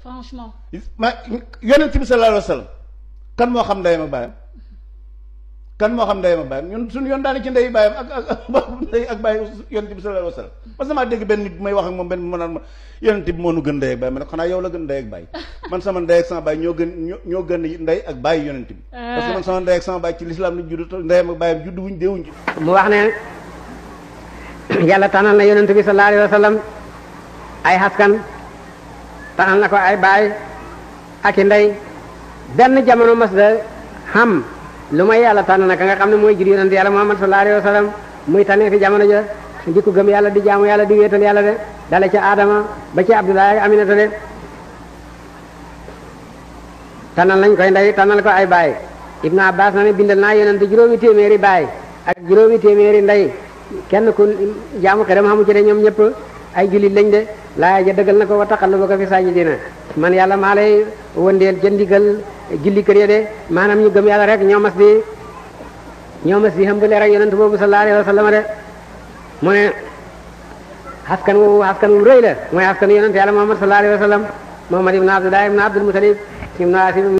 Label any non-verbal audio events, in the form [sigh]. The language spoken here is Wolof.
franchement. ma yonent bi sallallahu alayhi wa kan moo xam ndeyam ak baayam kan moo xam ndeyam ak baayam ñun suñu yoon daane ci ndeyu baayam ak ak [laughs] ndey ak baay yonent bi sallallahu alayhi parce que damaa dégg benn nit bu wax ak moom benn mu ma yonent moo gën ndey ak baay ma gën ndey ak baay [laughs] man ndey ak sama ñoo gën ñoo gën ndey ak baay yonent bi eh. parce que man sama ci lislaam lañ judd ndeyam ak baayam judd wuñ deewuñ ci mu wax ne yàlla tànnal na yonent bi sallallahu alayhi wa sallam ay xaskan saxal na ko ay baay ak ndey benn jamono mas da xam lu may yàlla tànn naka nga xam ne mooy jur yonent yàlla muhammad sallallahu alayhi wa sallam muy tane fi jamono ja di yàlla di jaamu yàlla di wéetal yàlla de dale ca Adama ba ci Abdoulaye ak Aminata de tànnal nañ koy ndey tànnal ko ay baay Ibnu Abbas na ne bindal naa yonent juróomi téeméeri baay ak juróomi téeméeri ndey kenn ku jaamu xeram xamu ci de ñoom ñëpp ay jullit lañ de laa ja dëggal na ko la taqallubaka fi saajidiina man yàlla maa lay wëndeel jëndigal julli kër ya de maanaam ñu gëm yàlla rek ñoo mas di ñoo mas di hëmbale rek yonent boobu sallallahu alayhi wa sallam de mu ne askan wu askan wu rëy la mooy askan yonent yàlla Muhammad sallallahu alayhi Muhammad ibn Abdullah ibn Abdul Mutalib ibn